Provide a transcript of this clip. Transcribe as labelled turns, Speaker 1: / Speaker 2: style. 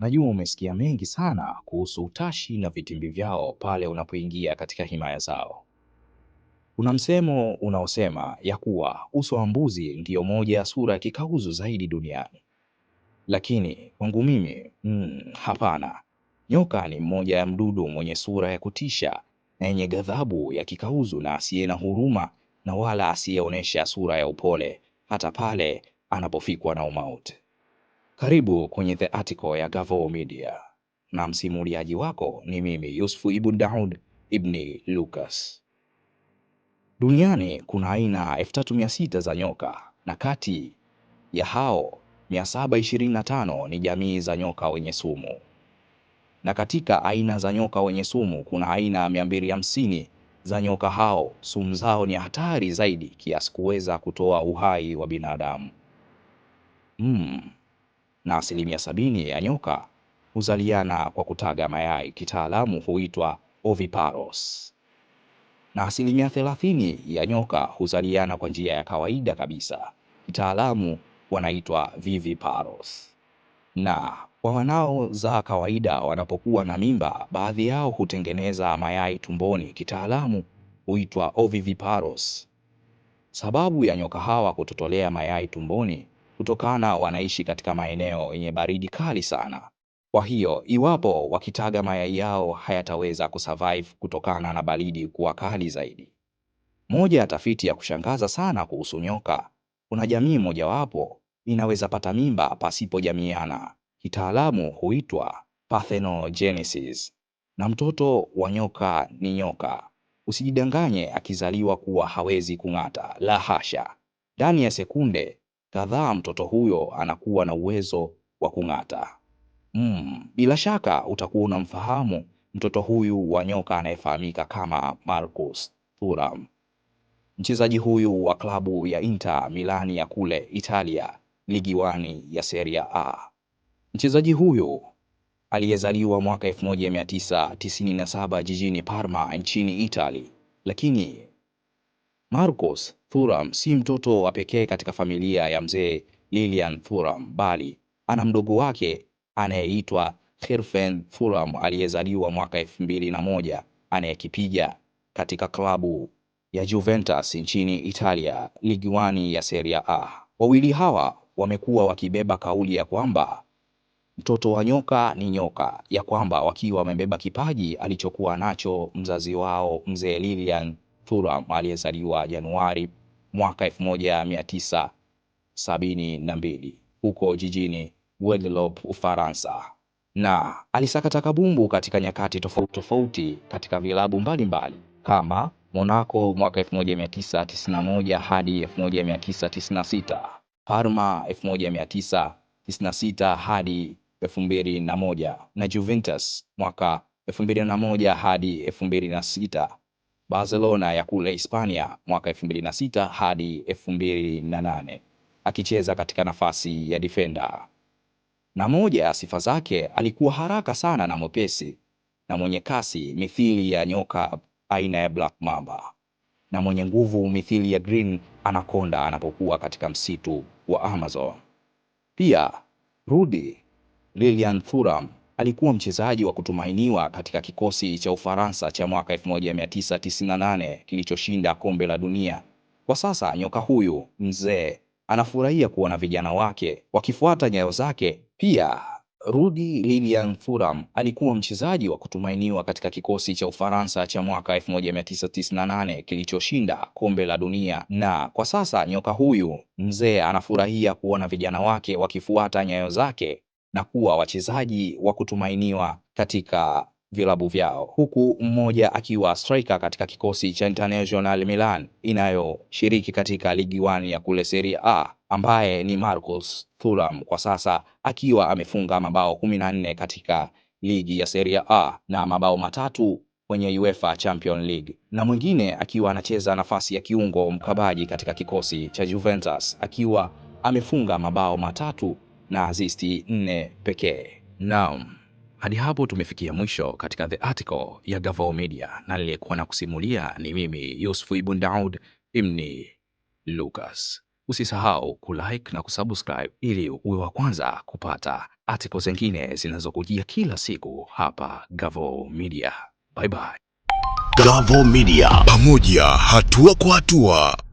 Speaker 1: Najua umesikia mengi sana kuhusu utashi na vitimbi vyao pale unapoingia katika himaya zao. Kuna msemo unaosema ya kuwa uso wa mbuzi ndiyo moja ya sura ya kikauzu zaidi duniani, lakini kwangu mimi mm, hapana. Nyoka ni mmoja ya mdudu mwenye sura ya kutisha na yenye ghadhabu ya kikauzu na asiye na huruma na wala asiyeonyesha sura ya upole hata pale anapofikwa na umauti. Karibu kwenye The Article ya Gavoo Media na msimuliaji wako ni mimi Yusufu Ibn Daud Ibni Lucas. Duniani kuna aina 3600 za nyoka na kati ya hao 725 ni jamii za nyoka wenye sumu, na katika aina za nyoka wenye sumu kuna aina 250 za nyoka hao. Sumu zao ni hatari zaidi kiasi kuweza kutoa uhai wa binadamu. Mm, na asilimia sabini ya nyoka huzaliana kwa kutaga mayai, kitaalamu huitwa oviparos, na asilimia thelathini ya nyoka huzaliana kwa njia ya kawaida kabisa, kitaalamu wanaitwa viviparos. Na kwa wanaozaa kawaida, wanapokuwa na mimba, baadhi yao hutengeneza mayai tumboni, kitaalamu huitwa oviviparos. Sababu ya nyoka hawa kutotolea mayai tumboni kutokana wanaishi katika maeneo yenye baridi kali sana. Kwa hiyo iwapo wakitaga mayai yao hayataweza kusurvive kutokana na baridi kuwa kali zaidi. Moja ya tafiti ya kushangaza sana kuhusu nyoka, kuna jamii mojawapo inaweza pata mimba pasipojamiana, kitaalamu huitwa parthenogenesis, na mtoto wa nyoka ni nyoka. Usijidanganye akizaliwa kuwa hawezi kung'ata, la hasha. Ndani ya sekunde kadhaa mtoto huyo anakuwa na uwezo wa kung'ata. Mm, bila shaka utakuwa unamfahamu mtoto huyu wa nyoka anayefahamika kama Marcus Thuram. Mchezaji huyu wa klabu ya Inter Milani ya kule Italia, ligi wani ya Serie A. Mchezaji huyu aliyezaliwa mwaka 1997 jijini Parma nchini Italy, lakini Marcos Thuram si mtoto wa pekee katika familia ya mzee Lilian Thuram bali ana mdogo wake anayeitwa Herfen Thuram aliyezaliwa mwaka elfu mbili na moja anayekipiga katika klabu ya Juventus nchini Italia, ligi ya Serie A. Wawili hawa wamekuwa wakibeba kauli ya kwamba mtoto wa nyoka ni nyoka, ya kwamba wakiwa wamebeba kipaji alichokuwa nacho mzazi wao mzee Lilian Turam aliyezaliwa Januari mwaka 1972 huko jijini Guadeloupe, Ufaransa, na alisakata kabumbu katika nyakati tofauti tofauti katika vilabu mbalimbali kama Monaco mwaka 1991 hadi 1996, Parma 1996 hadi 2001 na Juventus mwaka 2001 hadi 2006 Barcelona ya kule Hispania mwaka 2006 hadi 2008 akicheza katika nafasi ya defender. Na moja ya sifa zake alikuwa haraka sana na mwepesi na mwenye kasi mithili ya nyoka aina ya Black Mamba na mwenye nguvu mithili ya Green Anaconda anapokuwa katika msitu wa Amazon. Pia Rudi Lilian Thuram alikuwa mchezaji wa kutumainiwa katika kikosi cha Ufaransa cha mwaka 1998 kilichoshinda kombe la dunia. Kwa sasa nyoka huyu mzee anafurahia kuona vijana wake wakifuata nyayo zake. Pia Rudi Lilian Thuram alikuwa mchezaji wa kutumainiwa katika kikosi cha Ufaransa cha mwaka 1998 kilichoshinda kombe la dunia, na kwa sasa nyoka huyu mzee anafurahia kuona vijana wake wakifuata nyayo zake na kuwa wachezaji wa kutumainiwa katika vilabu vyao, huku mmoja akiwa striker katika kikosi cha International Milan inayoshiriki katika ligi 1 ya kule Serie A ambaye ni Marcus Thuram kwa sasa akiwa amefunga mabao 14 katika ligi ya Serie A na mabao matatu kwenye UEFA Champions League na mwingine akiwa anacheza nafasi ya kiungo mkabaji katika kikosi cha Juventus akiwa amefunga mabao matatu na asisti nne pekee. Naam, hadi hapo tumefikia mwisho katika the article ya Gavoo Media, na niliyekuwa na kusimulia ni mimi Yusuf Ibn Daud Imni Lucas. Usisahau kulike na kusubscribe ili uwe wa kwanza kupata article zingine zinazokujia kila siku hapa Gavoo Media. Bye bye. Gavoo Media, pamoja hatua kwa hatua.